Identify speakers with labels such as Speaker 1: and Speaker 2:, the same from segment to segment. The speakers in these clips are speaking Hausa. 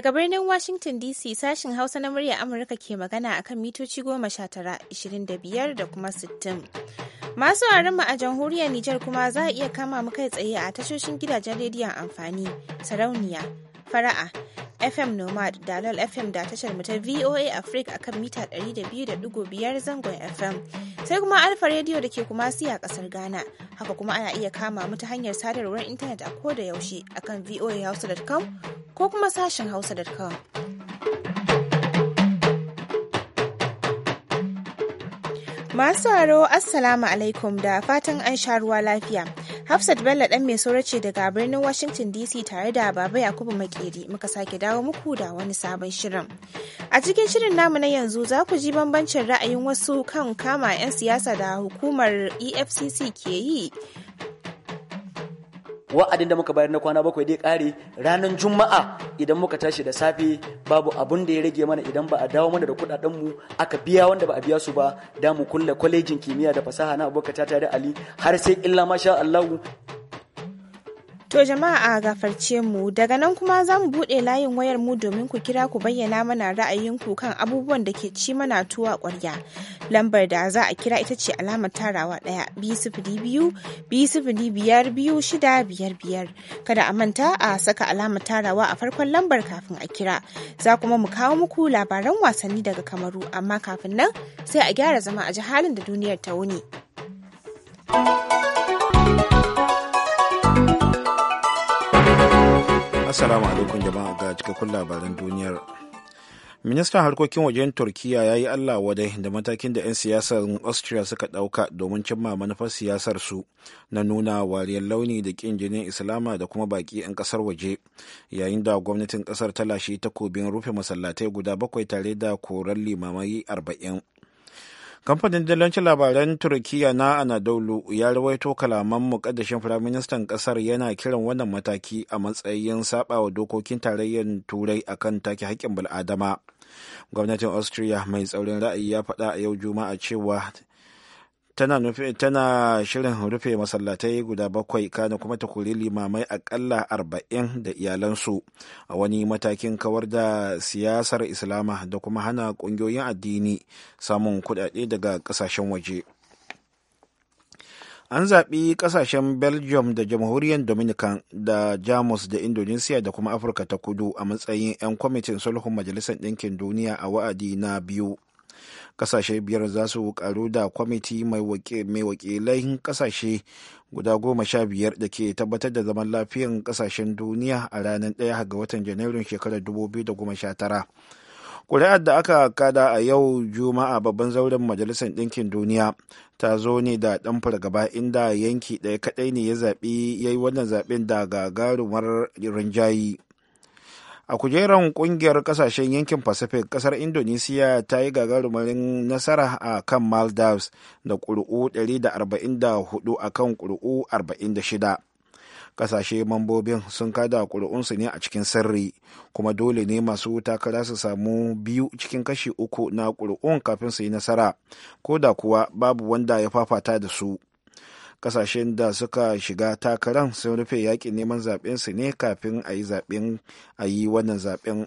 Speaker 1: Daga birnin Washington DC sashin Hausa na murya Amurka ke magana akan mitoci goma sha tara, ishirin da biyar da kuma sittin. Masu mu a jamhuriyar Nijar kuma za a iya kama mu kai tsaye a tashoshin gidajen rediyon amfani, sarauniya, fara'a fm nomad dalol fm da tashar mu ta voa africa akan mita 200.5 zangon fm sai kuma alfa radio da ke kuma siya kasar ghana haka kuma ana iya kama mu ta hanyar sadarwar intanet a koda yaushe akan voahausa.com ko kuma sashen hausa.com Masu aro Assalamu alaikum da fatan an sha ruwa lafiya. Hafsat Bello ɗan mai ce daga birnin Washington DC tare da Baba Yakubu Makeri muka sake dawo muku da wani sabon shirin. A cikin shirin namu na yanzu za ku ji bambancin ra'ayin wasu kan kama 'yan siyasa da hukumar EFCC ke yi
Speaker 2: wa'adin da muka bayar na kwana bakwai dai kare ranar juma'a idan muka tashi da safe babu abun da ya rage mana idan ba a dawo mana da kudaden mu aka biya wanda ba a biya su ba da mu kulle kwalejin kimiyya da fasaha na abokata tare ali har sai illa masha Allahu
Speaker 1: To jama'a a gafarce mu daga nan kuma za mu buɗe layin wayar mu domin ku kira ku bayyana mana ra'ayinku kan abubuwan da ke ci mana tuwa ƙwarya. Lambar da za a kira ita ce alamar tarawa ɗaya biyu sifili biyar biyu shida biyar biyar. Kada a manta a saka alamar tarawa a farkon lambar kafin a kira. Za kuma mu kawo muku labaran wasanni daga Kamaru amma kafin nan sai a gyara zama a ji halin da duniyar ta wuni.
Speaker 3: Assalamu alaikum jama'a ga cikakkun labaran duniyar. Ministan harkokin wajen Turkiyya ya yi Allah wadai da matakin da 'yan siyasar Austria suka ɗauka domin cimma manufar siyasar su na nuna wariyar launi da ƙin jinin Islama da kuma baƙi 'yan ƙasar waje, yayin da gwamnatin ƙasar ta lashe takobin rufe masallatai guda bakwai tare da koran limamai arba'in. kamfanin dalilancin labaran turkiyya na anadolu ya rawaito kalaman mukaddashin firaministan kasar yana kiran wannan mataki a matsayin sabawa dokokin tarayyar turai akan take haƙƙin bil'adama gwamnatin austria mai tsaurin ra'ayi ya faɗa a yau juma'a cewa tana shirin rufe masallatai guda bakwai kana kuma ta kori limamai akalla arba'in da iyalansu a wani matakin kawar da siyasar islama da kuma hana kungiyoyin addini samun kudade daga kasashen waje an zaɓi ƙasashen belgium da jamhuriyar dominican da jamus da indonesia da kuma afirka ta kudu a matsayin 'yan kwamitin sulhun majalisar ɗinkin duniya a wa'adi na biyu kasashe biyar za su karu da kwamiti mai wakilai kasashe guda goma sha biyar da ke tabbatar da zaman lafiyan kasashen duniya a ranar ɗaya ga watan janairun shekarar 2019 kuri'ar da aka kada a yau juma'a babban zauren majalisar ɗinkin duniya ta zo ne da ɗan fargaba inda yanki ɗaya kaɗai ne ya zaɓi ya yi wannan zaɓen da gagarumar rinjayi a kujeran kungiyar kasashen yankin pacific kasar indonesia ta yi gagarumarin nasara a kan maldives da ƙuri'u 144 a kan ƙuri'u 46 kasashe mambobin sun kada ƙuri'unsu ne a cikin sirri kuma dole ne masu takara su samu biyu cikin kashi uku na ƙuri'un kafin su yi nasara ko da kuwa babu wanda ya fafata da su kasashen da suka shiga takaran sun rufe yakin neman zaɓensu ne kafin a yi zaɓen a yi wannan zaɓen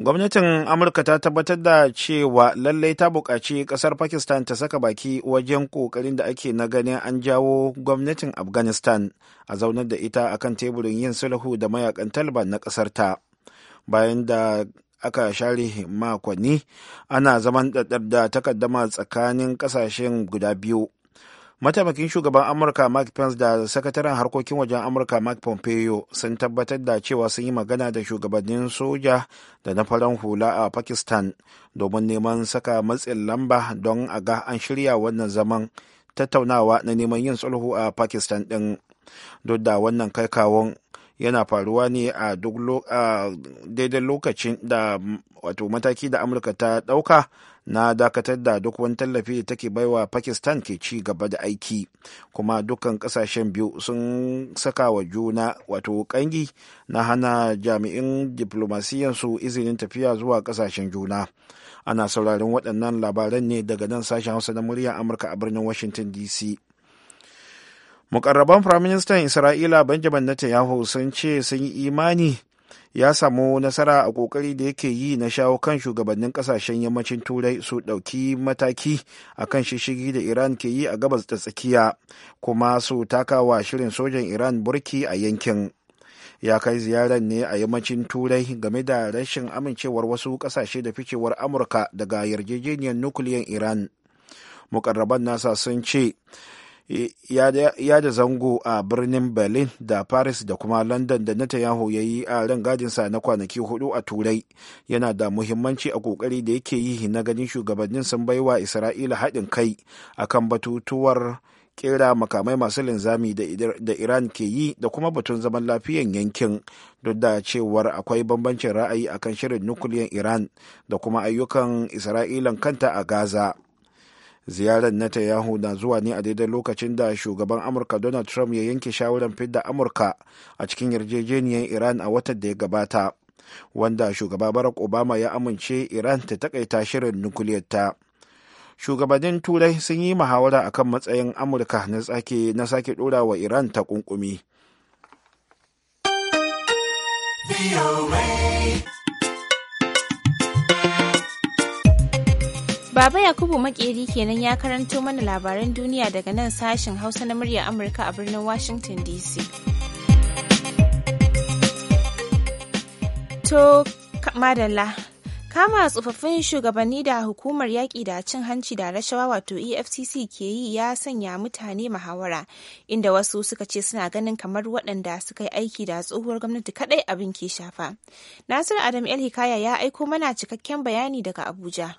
Speaker 3: gwamnatin amurka ta tabbatar da cewa lallai ta buƙaci ƙasar pakistan ta saka baki wajen ƙoƙarin da ake na ganin an jawo gwamnatin afghanistan a zaunar da ita akan teburin yin sulhu da mayakan taliban na ƙasar ta bayan da aka share makonni ana zaman da takaddama tsakanin ƙasashen guda biyu mataimakin shugaban amurka mike pence da sakataren harkokin wajen amurka mark pompeo sun tabbatar da cewa sun yi magana da shugabannin soja da na faran hula a pakistan domin neman saka matsin lamba don a ga an shirya wannan zaman tattaunawa na neman yin sulhu a pakistan din duk da wannan kai kawon yana faruwa ne a daidai lokacin da wato mataki da amurka ta dauka na dakatar da duk wani tallafi da take baiwa pakistan ke ci gaba da aiki kuma dukkan kasashen biyu sun saka wa juna wato kangi na hana jami'in diplomasiyansu izinin tafiya zuwa kasashen juna ana sauraron waɗannan labaran ne daga nan sashen hausa na muryar amurka a birnin washington dc mukarraban firaministan isra'ila benjamin netanyahu sun ce sun yi imani ya samu nasara a kokari da yake yi na shawo kan shugabannin kasashen yammacin turai su ɗauki mataki a kan shishigi da iran ke yi a gabas da tsakiya kuma su takawa shirin sojan iran burki a yankin ya kai ziyarar ne a yammacin turai game da rashin amincewar wasu kasashe da ficewar amurka daga yarjejeniyar nukiliyan iran mukarraban nasa sun ce ya da zango a birnin berlin da paris da kuma london da netanyahu ya yi a sa na kwanaki hudu a turai yana da muhimmanci a kokari da yake yi na ganin shugabannin sun bai wa isra'ila haɗin kai a kan batutuwar kera makamai masu linzami da iran ke yi da kuma batun zaman lafiyan yankin duk da cewar akwai bambancin ra'ayi akan shirin nukuliyan iran da kuma ayyukan isra'ilan kanta a gaza ziyarar netanyahu na zuwa ne a daidai lokacin da shugaban amurka donald trump ya yanke shawarar fidda amurka a cikin yarjejeniyar iran a watan da ya gabata wanda shugaba barack obama ya amince iran ta takaita shirin nukuliyarta shugabannin turai sun yi muhawara akan matsayin amurka na sake dora wa iran ta kunkumi
Speaker 1: Baba Yakubu Makeri kenan ya karanto mana labaran duniya daga nan sashen Hausa na murya Amurka a birnin Washington DC. To, madalla. Kama tsofaffin shugabanni da hukumar yaƙi da cin hanci da rashawa wato EFCC ke yi ya sanya mutane muhawara inda wasu suka ce suna ganin kamar waɗanda suka yi aiki da tsohuwar gwamnati kaɗai abin ke shafa. Nasiru Adam El Hikaya ya aiko mana cikakken bayani daga Abuja.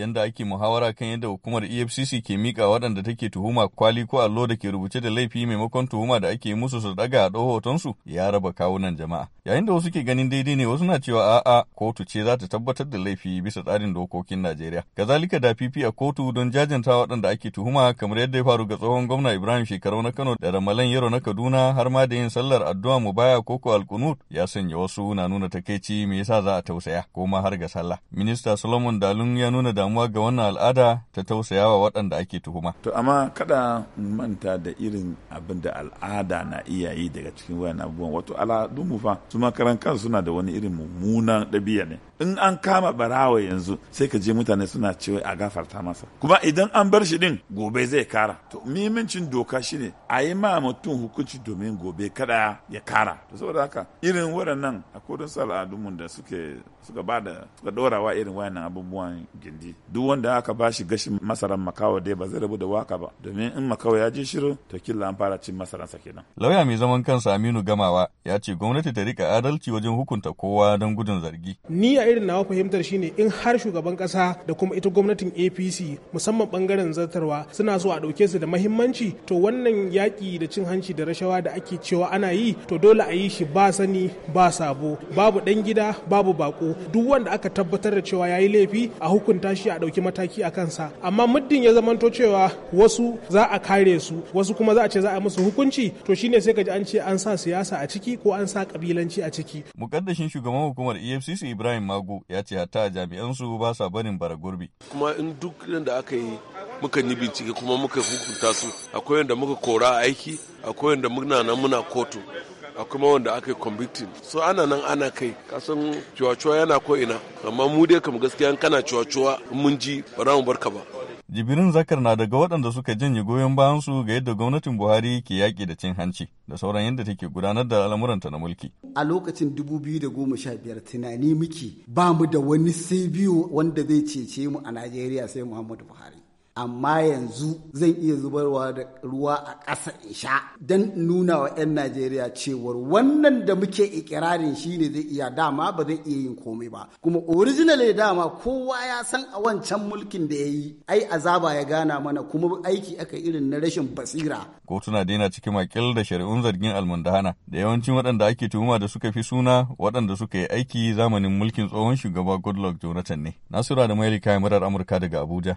Speaker 4: yadda ake muhawara kan yadda hukumar efcc ke mika waɗanda take tuhuma kwali ko allo da ke rubuce da laifi maimakon tuhuma da ake musu su daga a ɗaho hotonsu ya raba kawunan jama'a yayin da wasu ke ganin daidai ne wasu na cewa a'a kotu ce za ta tabbatar da laifi bisa tsarin dokokin najeriya kazalika da fifi a kotu don jajanta waɗanda ake tuhuma kamar yadda ya faru ga tsohon gwamna ibrahim shekaru na kano da ramalan yaro na kaduna har ma da yin sallar addu'a mu baya ko alkunut ya sanya wasu na nuna takaici me yasa za a tausaya ko ma har ga sallah minista solomon dalun ya nuna da damuwa ga wannan al'ada ta tausaya wa waɗanda ake tuhuma. To amma kada manta da irin abin da al'ada na iya yi daga cikin wayan abubuwan wato mu fa su makaran
Speaker 3: suna da wani irin mummunan ɗabi'a ne. In an kama barawa yanzu sai ka je mutane suna cewa a gafarta masa. Kuma idan an bar shi din gobe zai kara. To mimincin doka shi ne. a yi ma mutum hukunci domin gobe kada ya kara. To saboda haka irin waɗannan a kodin mu da suke suka ba da suka ɗorawa irin wayannan abubuwan gindi duk wanda aka bashi gashin masaran makawa dai ba zai rabu da waka ba domin in makawa ya ji shiru to killa an fara cin masaransa kenan
Speaker 4: lauya mai zaman kansa Aminu Gamawa ya ce gwamnati ta rika adalci wajen hukunta kowa don gudun zargi
Speaker 5: ni a irin nawa fahimtar shine in har shugaban kasa da kuma ita gwamnatin APC musamman bangaren zartarwa suna so a ɗauke su da mahimmanci to wannan yaƙi da cin hanci da rashawa da ake cewa ana yi to dole a yi shi ba sani ba sabo babu dan gida babu baƙo duk wanda aka tabbatar da cewa ya yi laifi a hukunta shi a ɗauki mataki a kansa amma muddin ya zamanto cewa wasu za a kare su wasu kuma za a ce za a musu hukunci to shine sai ka ji an ce an sa siyasa a ciki ko an sa kabilanci a ciki
Speaker 4: mukaddashin shugaban hukumar efcc ibrahim magu ya ce hatta jami'an su ba sa barin bara gurbi
Speaker 5: kuma in duk da aka yi muka yi bincike kuma muka hukunta su akwai wanda muka kora aiki akwai wanda muna nan muna kotu a kuma wanda aka yi convicting so ana nan ana kai kasan cuwacuwa yana ko ina amma mu dai kam gaskiya kana cuwacuwa mun
Speaker 4: ji ba za mu bar ka ba jibirin zakar na daga waɗanda suka janye goyon bayan su ga yadda gwamnatin buhari ke yaƙi da cin hanci da sauran yadda take gudanar da al'amuranta na mulki
Speaker 5: a lokacin da sha biyar tunani muke ba mu da wani sai biyu wanda zai cece mu a najeriya sai muhammadu buhari amma yanzu zan iya zubarwa da ruwa a ƙasa in sha don nuna wa 'yan Najeriya cewar wannan da muke ikirarin shi ne zai iya dama ba zai iya yin komai ba kuma original ya dama kowa ya san a wancan mulkin da ya yi ai azaba ya gana mana kuma aiki aka irin na rashin basira
Speaker 4: kotuna daina cikin makil da shari'un zargin almundahana da yawancin waɗanda ake tuhuma da suka fi suna waɗanda suka yi aiki zamanin mulkin tsohon shugaba goodluck jonathan ne nasura da maili kayan murar amurka daga abuja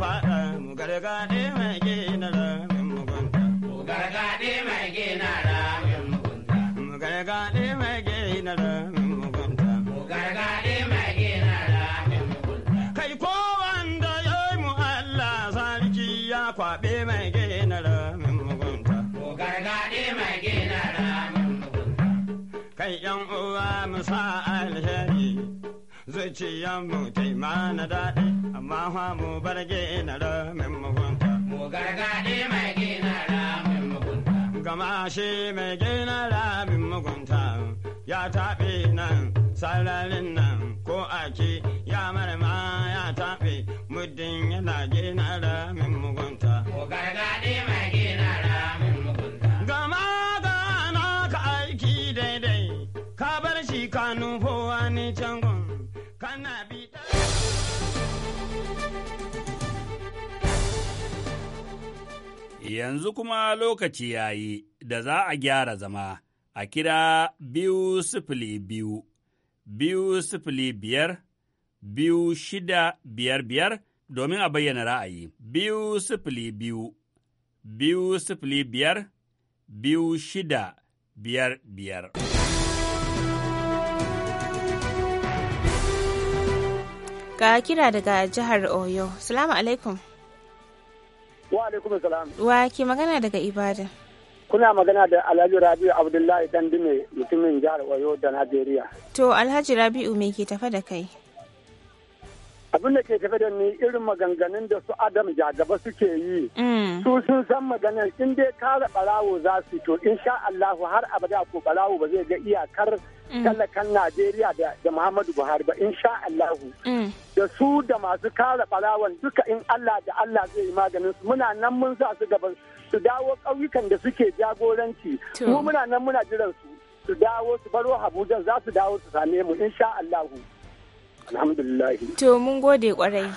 Speaker 6: faɗa mu gargaɗi. zuciyanmu ta daɗi amma fa mu bar gina mugunta. Mu gargaɗi mai gina mugunta. Gama shi mai gina mugunta ya taɓe nan sararin nan ko ake ya ya taɓe muddin yana gina ramin mugunta. Mu gargaɗi mai gina
Speaker 4: Yanzu kuma lokaci ya yi da za a gyara zama a kira biyu sifili biyu, biyu sifili biyar, biyu shida biyar biyar domin a bayyana ra'ayi. Biyu sifili biyu, biyu sifili biyar, biyu shida biyar biyar.
Speaker 1: Ga kira daga jihar Oyo, Salamu alaikum.
Speaker 7: Wa alaikum salam.
Speaker 1: Wa ke magana daga Ibadan?
Speaker 7: Kuna magana da Alhaji Rabi'u Abdullahi Dandime mutumin jihar wayo da Najeriya.
Speaker 1: To Alhaji Rabi'u me ke tafa da kai?
Speaker 7: abin da ke tafe da ni irin maganganun da su adam jagaba suke yi mm. su sun san maganar in dai kara barawo za su to insha Allah har abada ko barawo ba zai ga iyakar mm. tallakan Najeriya da Muhammadu Buhari ba insha Allah mm. da su da masu kara barawon duka in Allah da Allah zai yi maganin su muna nan mun sa su gaban su dawo ƙauyukan da suke jagoranci mu muna nan muna jiran su su dawo su baro Abuja za su dawo su same mu insha Allah alhamdulillah to
Speaker 1: mun gode kwarai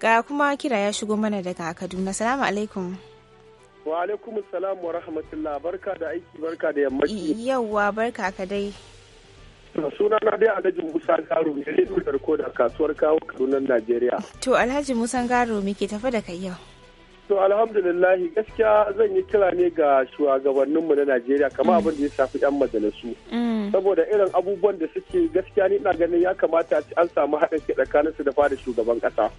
Speaker 1: ga kuma kira ya shigo mana daga kaduna salamu alaikum
Speaker 7: wa alaikum salam wa rahmatullah barka da aiki barka da yammaci yawwa barka ka dai suna na dai alhaji musa garo ne rediyo da kasuwar kawo kaduna najeriya
Speaker 1: to alhaji musa garo muke tafa da kai yau
Speaker 7: To alhamdulillahi gaskiya zan yi kira ne ga shugabanninmu na Najeriya kama abin da ya shafi 'yan majalisu. Mm. Saboda irin abubuwan da suke gaskiya ni ina ganin ya kamata an samu haɗin kai tsakaninsu da fada shugaban ƙasa.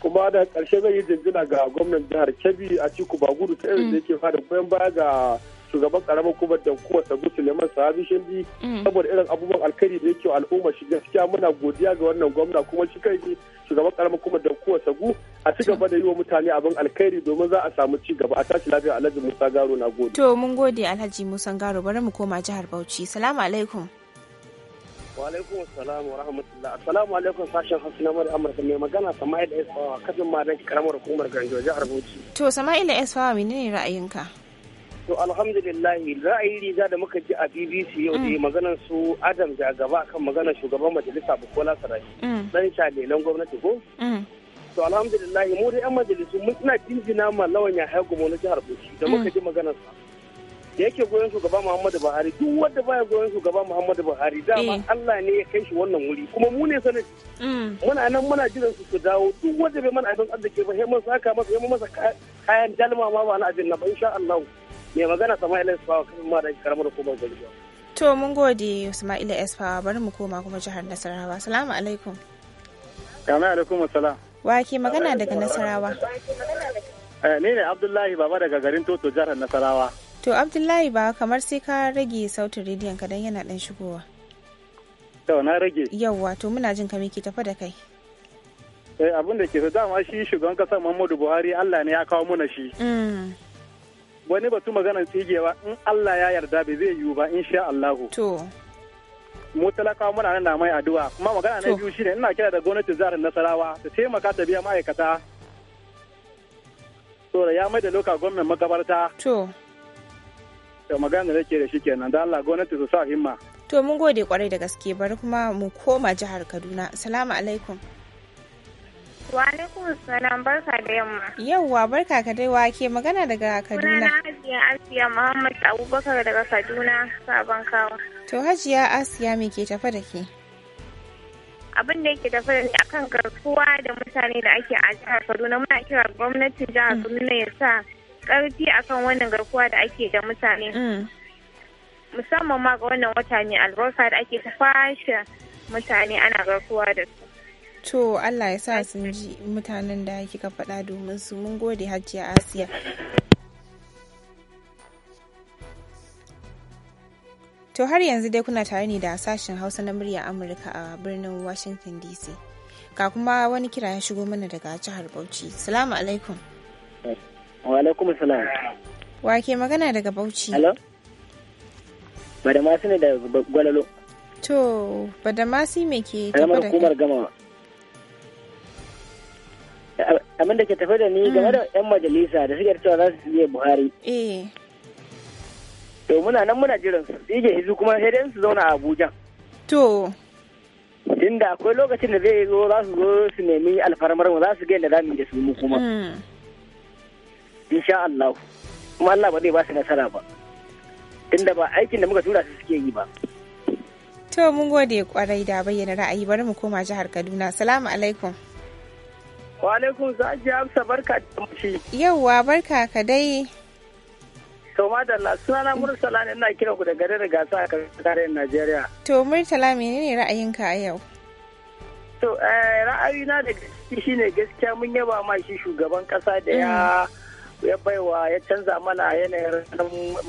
Speaker 7: Kuma da ƙarshe zan yi jinjina ga gwamnan jihar Kebbi a Ciku Bagudu ta irin da mm. yake fada goyon baya ga shugaban karamar kuma da kowace musulman sahabi shindi mm. saboda irin abubuwan alkhairi da yake al'umma shi gaskiya muna godiya ga wannan gwamna kuma shi kai shugaban karamar kuma da kowace gu a ci gaba da yi wa mutane abin alkhairi domin za a samu ci gaba a tashi lafiya alhaji musa garo na gode.
Speaker 1: to mun gode alhaji musa garo bari mu koma jihar bauchi salamu alaikum.
Speaker 7: Walaikun salam wa rahmatullah. Assalamu alaikum sashen Hausa na Mari Amurka mai magana Sama'il Esfawa kafin dan karamar hukumar Ganjo jihar Bauchi.
Speaker 1: To Sama'il Esfawa menene ra'ayinka?
Speaker 7: To alhamdulillahi ra'ayi riga da muka ji a BBC yau da mm. maganar su Adam da gaba kan maganar shugaban majalisa Bukola Sarari. Mm. Dan shalelan gwamnati ko? Mm. To alhamdulillahi mu da 'yan majalisu mun ina jinjina ma lawan ya haihu mu na jihar Bauchi da muka ji maganar sa. Da yake goyon shugaba Muhammadu Buhari duk wanda baya goyon shugaba Muhammadu Buhari dama eh. Allah ne ya kai shi wannan wuri kuma mu ne sanin. Muna nan muna jiran su su dawo duk wanda bai mana abin arziki ba sai mun saka masa sai mun masa kayan dalma ma ba na abin na ba insha Allah. mai magana sama'ila isfawa kan ma da karamar hukumar gwalgwa
Speaker 1: to mun gode sama'ila isfawa bari mu koma kuma jihar nasarawa salamu alaikum
Speaker 7: salamu alaikum assalam
Speaker 1: wa ke magana daga nasarawa
Speaker 7: eh, ni ne abdullahi baba daga garin toto jihar nasarawa
Speaker 1: to abdullahi ba kamar sai ka rage sautin rediyon ka dan yana dan shigowa
Speaker 7: to na rage
Speaker 1: yawwa to muna jin ka miki tafa da kai
Speaker 7: eh, abin da ke dama shi shugaban kasar muhammadu buhari allah ne ya kawo muna shi
Speaker 8: mm.
Speaker 7: wani batu maganar tsigewa in Allah ya yarda ba zai yiwu ba insha Allah. To. Mu talakawa muna nan mai addu'a kuma magana na biyu shine ina kira da gwamnatin jihar Nasarawa ta taimaka ta biya ma'aikata. To ya mai da loka gwamnan makabarta. To. Da magana da ke da shi kenan da Allah gwamnati su sa himma.
Speaker 1: To mun gode kwarai da gaske bari kuma mu koma jihar Kaduna. Assalamu alaikum. Walaikun salam barka da yamma. Yauwa barka ka dai wake magana daga Kaduna. Sunana Hajiya Asiya Muhammad Abubakar daga Kaduna sabon kawo. To Hajiya Asiya me ke tafa da ke? Abin da yake tafa da ni akan garkuwa da mutane da ake a jihar Kaduna muna kira gwamnatin jihar mm. Kaduna ya sa karfi akan wannan garkuwa da ake da mutane. Mm. Musamman ma ga wannan wata ne albarka da ake ta fashe mutane ana garkuwa da su. To Allah ya sa sun ji mutanen da kika faɗa domin su mun gode hajiya Asiya. To har yanzu dai kuna tare ne da sashen Hausa na murya Amurka a birnin Washington DC. ka kuma wani kira ya shigo mana daga jihar Bauchi. Salamu
Speaker 7: alaikum. Wa alaikum salam.
Speaker 1: Wa ke magana daga Bauchi? Hello.
Speaker 7: Badamasi ne da Gwalalo.
Speaker 1: To, Badamasi me ke tafa da
Speaker 7: gama abin da ke tafi da ni mm. game da 'yan majalisa da suke cewa za su je buhari eh. to muna nan muna jiran su ige hizu kuma sai su zauna a abuja to inda akwai lokacin da zai zo za su zo su nemi alfarmar mu za su ga yadda mu da su mu kuma mm. insha Allah kuma Allah ba zai ba su nasara ba inda ba aikin da muka tura su suke yi ba
Speaker 1: to mun gode kwarai da bayyana ra'ayi bari mu koma jihar Kaduna salamu alaikum
Speaker 7: Walaikun alaikum za ji barka da mashi.
Speaker 1: Yauwa barka ka dai.
Speaker 7: To madalla sunana Murtala ne ina kiran ku da garin gasa a tsarin Najeriya.
Speaker 1: To Murtala menene ra'ayinka a yau?
Speaker 7: To eh, ra'ayina da gaske shine gaskiya mun yaba ma shi shugaban kasa da ya mm. ya baiwa ya canza mana yanayin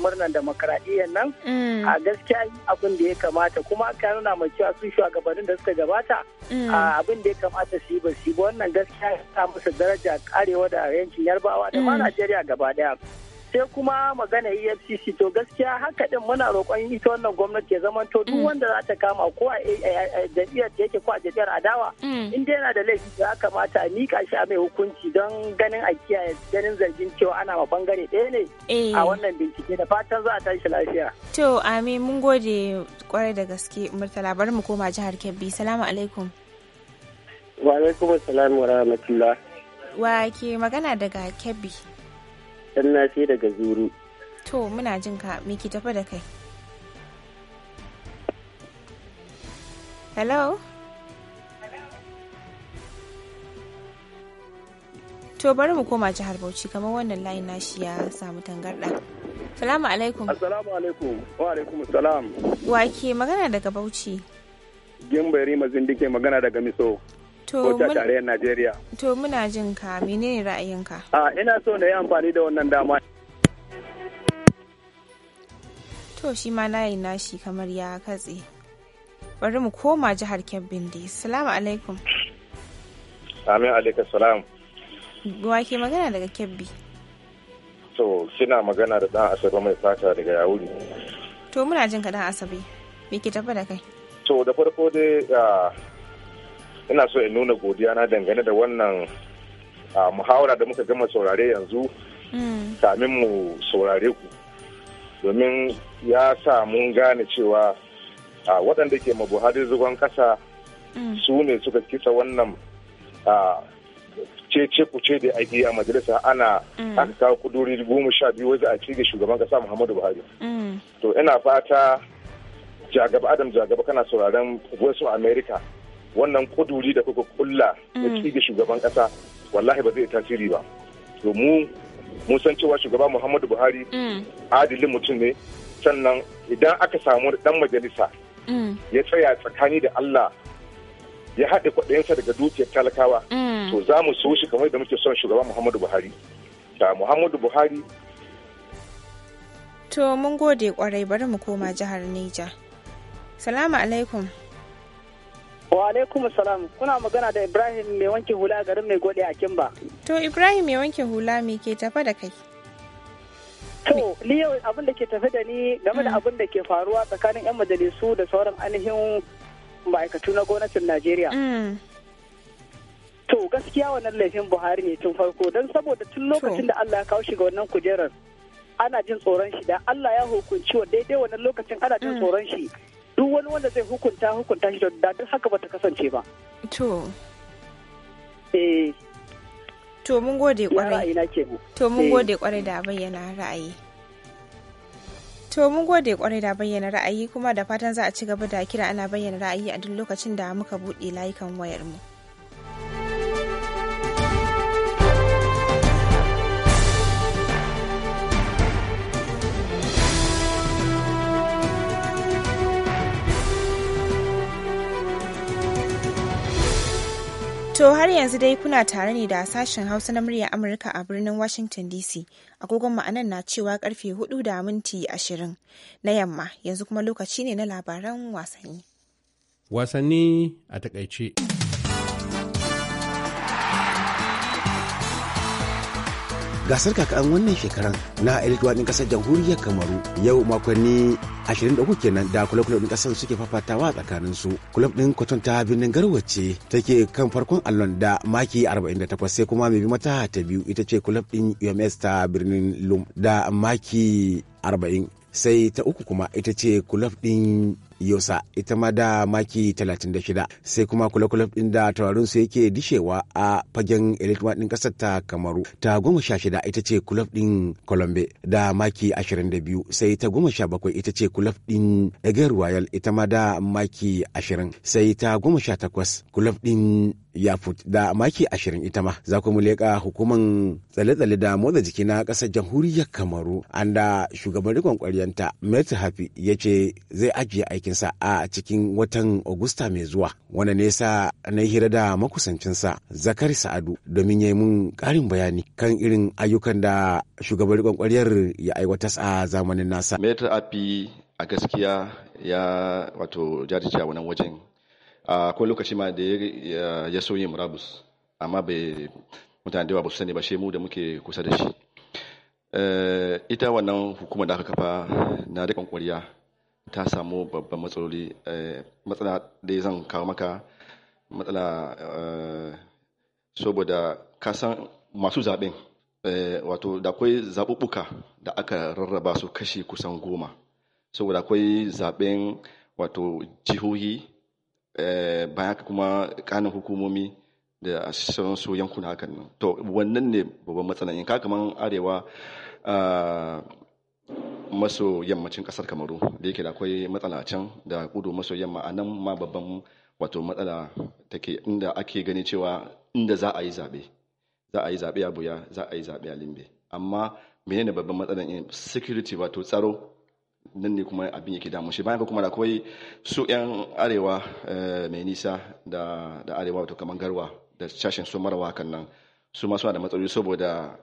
Speaker 7: murnar demokradiyyar nan mm. a gaskiya abin da ya kamata kuma aka nuna mai cewa su shugabannin da suka gabata mm. abin da ya kamata su yi ba su wannan gaskiya ya sa musu daraja karewa da yankin yarbawa da ma mm. najeriya gaba daya sai kuma magana efcc to gaskiya haka din muna roƙon ita wannan gwamnati ya zama to duk mm. wanda za ta kama ko a jam'iyyar da yake ko a jam'iyyar adawa mm. in dai yana da laifi ya kamata a miƙa shi a mai hukunci don ganin a kiyaye ganin zargin cewa ana ma bangare ɗaya ne a eh. wannan bincike da fatan za a tashi lafiya
Speaker 1: to amin mun gode kwarai da gaske murtala bari mu koma jihar kebbi salamu alaikum
Speaker 7: wa alaikum assalam wa rahmatullah
Speaker 1: wa ke magana daga kebbi
Speaker 7: na ce daga zuru
Speaker 1: to muna jin ka me ki tafi da kai hello to bari mu koma jihar bauchi kamar wannan layin nashi ya samu tangarɗa salamu alaikum
Speaker 7: assalamu alaikum wa alaikum salam
Speaker 1: wa ke magana daga bauchi
Speaker 7: gimbari mazin dike magana daga miso
Speaker 1: ko ta tarayyar Najeriya. To muna jin ka menene ra'ayinka?
Speaker 7: A ina so na yi amfani da wannan dama.
Speaker 1: To shi ma yi nashi kamar ya katse. Bari mu koma jihar Kebbi dai. Salamu alaikum.
Speaker 9: Amin alaikum salam.
Speaker 1: Wa ke magana daga Kebbi?
Speaker 9: To na magana da ɗan asabe mai fata daga Yawuri.
Speaker 1: To muna jin ka ɗan asabe. Me ke tafa da kai?
Speaker 9: To da farko dai ina so in nuna godiya na dangane da wannan muhawara da muka gama saurare yanzu mm. kamin mu saurare ku domin ya sa mun gane cewa waɗanda ke mabuhari zugon ƙasa mm. su ne suka kisa wannan cece kuce da ake a majalisa ana mm. aka kawo kuduri goma sha biyu wajen a cige shugaban kasa muhammadu buhari to ina fata jagaba adam jagaba kana sauraron wasu a america wannan kuduri da kuka kulla da ci ga shugaban kasa wallahi ba zai tasiri ba to mu mun san cewa shugaba muhammadu buhari mm. adilin mutum ne sannan idan aka samu dan majalisa mm. ya tsaya tsakani da allah ya haɗe kwaɗayensa daga dukiyar talakawa mm. to za mu so shi kamar da muke son shugaba muhammadu buhari da muhammadu buhari
Speaker 1: to mun gode kwarai bari mu koma jihar neja salamu alaikum
Speaker 7: Wa alaikum salam kuna magana da Ibrahim mai wanke hula garin mai gode a Kimba.
Speaker 1: To Ibrahim mai wanke hula me ke tafa da kai?
Speaker 7: To ni abin da ke tafi da ni game da mm. abin da ke faruwa tsakanin 'yan majalisu da sauran ainihin ma'aikatu na gwamnatin Najeriya. Mm. To gaskiya wannan laifin Buhari ne tun farko don saboda tun lokacin da Allah ya kawo shi ga wannan kujerar ana jin tsoron shi da Allah ya hukunci wa daidai wannan lokacin ana jin mm. tsoron shi duk wani wanda zai hukunta hukunta shi da duk haka bata kasance ba to eh.
Speaker 1: to mun gode kwarai to mun eh. gode kwarai da bayyana ra'ayi To mun gode kwarai da bayyana ra'ayi kuma da fatan za a ci gaba da kira ana bayyana ra'ayi a duk lokacin da muka buɗe layukan wayar mu. To har yanzu dai kuna tare ne da sashen Hausa na murya Amurka a birnin Washington DC. Agogon ma'anan na cewa karfe 4 da minti 20 na yamma yanzu kuma lokaci ne na labaran wasanni.
Speaker 5: Wasanni a takaice. gasar kakan wannan shekaran na elitwa ɗin ƙasar jamhuriyar kamaru yau makonni 23 kenan da kula-kula ɗin suke fafatawa tsakanin su kulab ɗin kwaton ta birnin garwace take kan farkon allon da maki 48 sai kuma mai bi mata ta biyu ita ce kulab ɗin ums ta birnin lum da maki 40 sai ta uku kuma ita ce kulab ɗin yosa ita ma da maki 36 sai kuma kula-kula din da taurarin su yake dishewa a fagen elite din kasar ta kamaru ta goma sha shida ita ce kulaf din colombe da maki 22 sai ta goma sha bakwai ita ce kulaf din eger royal ita ma da maki 20 sai ta goma sha takwas kulaf din ya da maki ashirin ita ma za mu leƙa hukumar tsale-tsale da motsa jiki na ƙasar jamhuriyar kamaru an da shugaban rikon ƙwaryanta met hafi ya ce zai ajiye aikinsa a cikin watan augusta mai zuwa wanda nesa na yi hira da makusancinsa zakari sa'adu domin ya yi mun ƙarin bayani kan irin ayyukan da shugaban rikon ƙwaryar ya aiwatas a zamanin
Speaker 10: nasa met hafi a gaskiya ya wato jajirce a wannan wajen A akwai lokaci ma da ya so yin murabus amma bai mutane da yawa ba su sani ba shi mu da muke kusa da shi eh, ita wannan hukuma da aka kafa na rikon kwariya ta samu babban matsaloli eh, matsala da zan kawo maka matsala eh, saboda kasan masu zaɓen wato da akwai zaɓuɓɓuka da aka rarraba su kashi kusan goma saboda akwai zaɓen wato jihohi Eh, bayan haka kuma kanin hukumomi da sauransu yankuna hakan nan to wannan ne babban matsala in ka kaman arewa ah, maso yammacin kasar kamaru da yake da akwai matsala can da kudu maso yamma a nan ma babban wato matsala take inda ake gani cewa inda za a yi zaɓe za a yi zaɓe a buya za a yi zaɓe a limbe amma menene babban matsalan eh, security wato tsaro nan ne kuma abin yake damu shi bayan kuma da akwai su 'yan arewa eh, mai nisa da arewa wato kamar garwa da sashen su marawa kan nan su ma suna da matsaloli saboda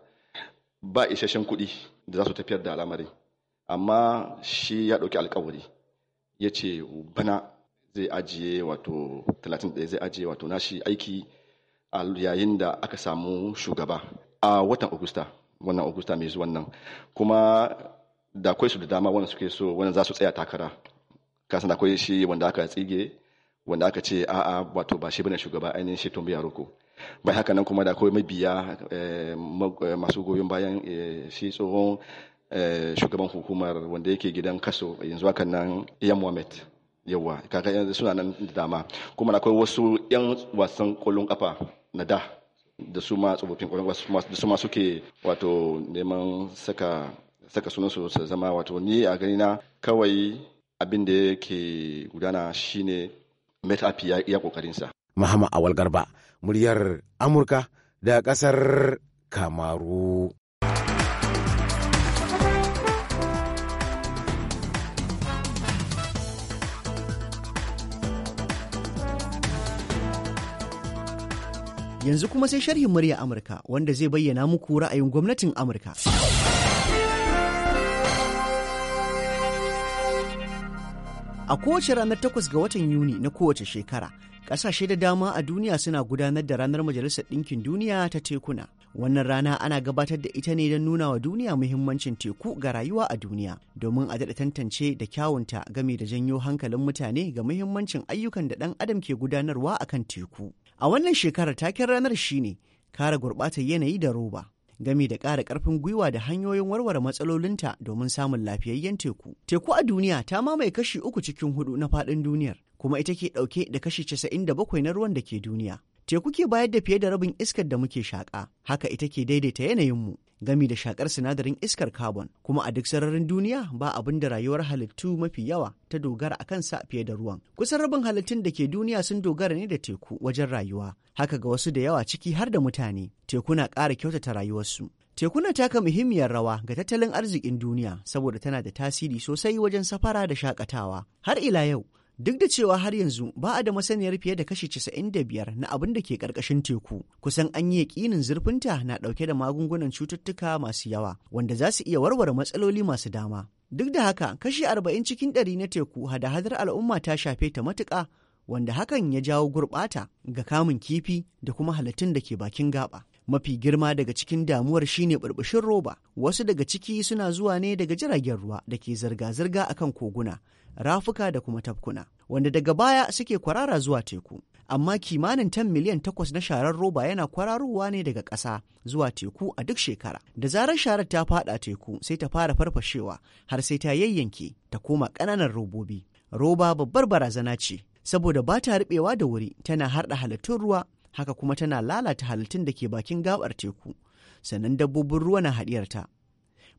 Speaker 10: ba isasshen kuɗi da za su tafiyar da al'amari amma shi ya ɗauki alkawari ya ce bana zai ajiye wato 31 zai ajiye wato nashi aiki a yayin da aka samu shugaba a watan augusta wannan augusta mai zuwan nan kuma da akwai su da dama wanda suke so wanda za su tsaya takara kasan da akwai shi wanda aka tsige wanda aka ce a'a wato ba shi bane shugaba ainihin shi biya roko bai haka nan kuma da akwai mabiya eh, eh, masu goyon bayan eh, shi tsohon shugaban hukumar wanda yake gidan kaso yanzu hakan nan iya muhammad yawa kaga yanzu suna nan da dama kuma da akwai wasu yan wasan kolon kafa na da da su ma tsofaffin kolon kafa da su ma suke wato neman saka saka sunansu su zama wato ni a gani na kawai abin da yake gudana shine metapi ya iya sa
Speaker 5: Muhammad Awal Garba, muryar Amurka da ƙasar Kamaru.
Speaker 2: Yanzu kuma sai sharhin murya Amurka wanda zai bayyana muku ra'ayin gwamnatin Amurka. A kowace ranar takwas ga watan Yuni na kowace shekara, ƙasashe da dama a duniya suna gudanar da ranar Majalisar Ɗinkin Duniya ta tekuna. Wannan rana ana gabatar da ita ne don nuna wa duniya muhimmancin teku ga rayuwa a duniya, domin a daɗa tantance da kyawunta game da janyo hankalin mutane ga muhimmancin ayyukan da ɗan adam ke gudanarwa akan teku. A wannan shekarar taken ranar shine kare gurɓatar yanayi da roba. gami da ƙara ƙarfin gwiwa da hanyoyin warware matsalolinta domin samun lafiyayyen teku. Teku a duniya ta mamaye kashi uku cikin hudu na faɗin duniyar, kuma ita ke ɗauke da kashi casa'in da bakwai na ruwan da ke duniya. Teku ke bayar da fiye da rabin iskar da muke shaƙa, haka ita ke daidaita yanayinmu. gami da shakar sinadarin iskar carbon kuma a duk sararin duniya ba abin da rayuwar halittu mafi yawa ta dogara a kansa fiye da ruwan kusan rabin halittun da ke duniya sun dogara ne da teku wajen rayuwa haka ga wasu da yawa ciki har da mutane teku na ƙara kyautata rayuwarsu tekuna taka muhimmiyar rawa ga tattalin arzikin duniya saboda tana da tasiri sosai wajen safara da shakatawa har ila yau Duk da cewa har yanzu ba a da masaniyar fiye da kashi 95 na abin da ke ƙarƙashin teku, kusan an yi yaƙinin zurfinta na ɗauke da magungunan cututtuka masu yawa, wanda za su iya warware matsaloli masu dama. Duk da haka, kashi 40 cikin 100 na teku hada-hadar al'umma ta shafe ta matuƙa, wanda hakan ya jawo gurɓata ga kamun kifi da kuma halittun da ke bakin gaba. Mafi girma daga cikin damuwar shine burbushin roba, wasu daga ciki suna zuwa ne daga jiragen ruwa da ke zirga-zirga akan koguna, rafuka da kuma tafkuna wanda daga baya suke kwarara zuwa teku amma kimanin tan miliyan takwas na sharar roba yana kwararowa ne daga ƙasa zuwa teku a duk shekara da zarar sharar ta fada teku sai ta fara farfashewa har sai ta yayyanke ta koma ƙananan robobi roba babbar barazana ce saboda ba ta riɓewa da wuri tana harɗa halittun ruwa haka kuma tana lalata halittun da ke bakin gabar teku sannan dabbobin ruwa na haɗiyarta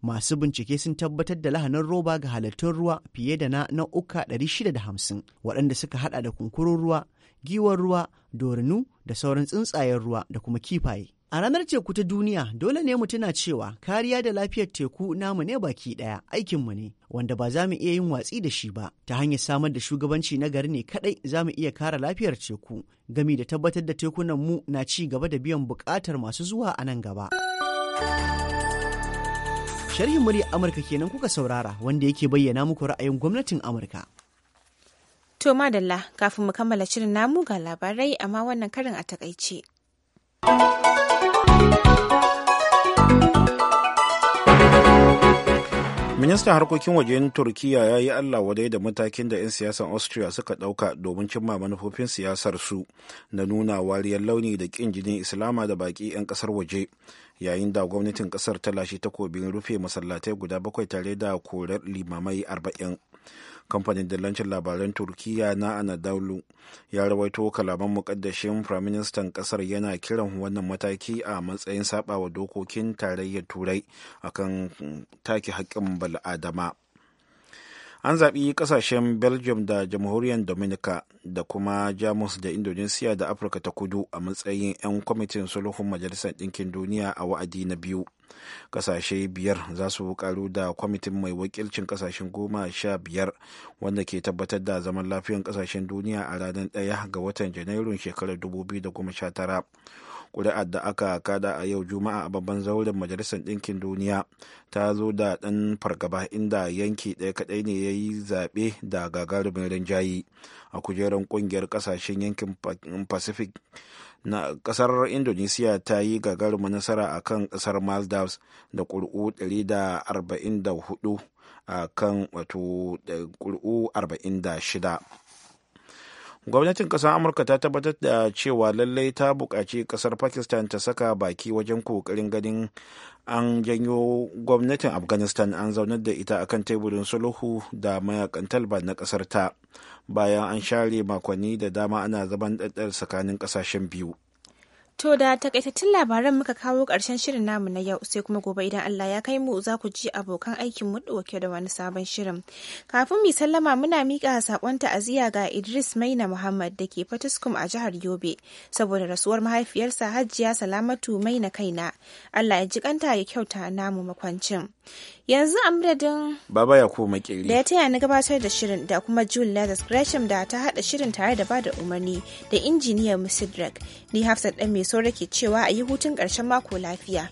Speaker 2: masu bincike sun tabbatar da lahanin roba ga halittun ruwa fiye da na nau'uka 650 waɗanda suka hada da kunkurun ruwa giwar ruwa dorinu da sauran tsuntsayen ruwa da kuma kifaye a ranar teku ta duniya dole ne mu tuna cewa kariya da lafiyar teku namu ne baki ɗaya aikinmu ne wanda ba za mu iya yin watsi da shi ba ta hanyar samar da shugabanci na gari ne kadai za mu iya kare lafiyar teku gami da tabbatar da tekunan mu na ci gaba da biyan bukatar masu zuwa a nan gaba. Sharhin murya Amurka kenan kuka saurara wanda yake bayyana muku ra'ayin gwamnatin Amurka.
Speaker 1: To madalla kafin mu kammala shirin namu ga labarai amma wannan karin a takaice.
Speaker 3: ministan harkokin wajen turkiyya ya yi allah wadai da matakin da 'yan siyasan austria suka ɗauka domin cimma manufofin siyasar su na nuna wariyar launi da ƙin jinin islama da baƙi 'yan ƙasar waje yayin da gwamnatin ƙasar ta lashe takobin rufe masallatai guda bakwai tare da korar limamai arba'in kamfanin dillancin labaran turkiya na anadolu ya rawaito kalaman mukaddashin firaministan kasar yana kiran wannan mataki a matsayin sabawa dokokin tarayyar turai akan take haƙƙin bal'adama an zaɓi ƙasashen belgium da jamhuriyar dominica da kuma jamus da indonesia da afirka ta kudu a matsayin 'yan kwamitin sulhun majalisar ɗinkin duniya a wa'adi na biyu ƙasashe biyar za su karu da kwamitin mai wakilcin ƙasashen goma sha biyar wanda ke tabbatar da zaman lafiyan ƙasashen duniya a ranar ɗaya ga watan janairun shekarar 2019 ƙuri'ar da aka kada a yau juma'a a babban zauren majalisar ɗinkin duniya ta zo da ɗan fargaba inda yanki ɗaya kaɗai ne ya yi zaɓe da gagarumin rinjayi a kujerar ƙungiyar ƙasashen yankin pacific na ƙasar indonesiya ta yi gagarumin nasara a kan ƙasar maldives da ƙuri'u 144 a kan wato ƙuri'u 46 gwamnatin ƙasar amurka ta tabbatar da cewa lallai ta buƙaci ƙasar pakistan ta saka baki wajen ƙoƙarin ganin an janyo gwamnatin afghanistan an zaunar da ita akan teburin sulhu da mayakan talban na ƙasar ta bayan an share makonni da dama ana zaman ɗaɗɗar tsakanin ƙasashen biyu
Speaker 1: To da takaitattun labaran muka kawo ƙarshen shirin namu na yau sai kuma gobe idan Allah ya kai mu za ku ji abokan aikin mu dauke da wani sabon shirin. Kafin mu sallama muna miƙa saƙon ta'aziyya ga Idris Maina Muhammad da ke Fatiskum a jihar Yobe saboda rasuwar mahaifiyarsa Hajjiya Salamatu Maina Kaina. Allah ya ji kanta ya kyauta namu makwancin. yanzu a madadin
Speaker 3: baba ya koma makeri da ya
Speaker 1: taya ni gabatar da shirin da kuma jule lathas gresham da ta haɗa shirin tare da ba da umarni da injiniyar musidrak ni hafsat ɗan mai saurake cewa a yi hutun ƙarshen mako lafiya